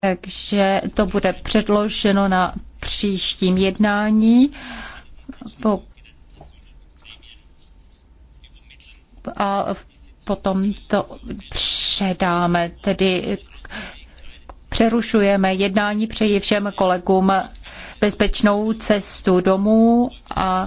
takže to bude předloženo na příštím jednání. Po a potom to předáme, tedy přerušujeme jednání, přeji všem kolegům bezpečnou cestu domů a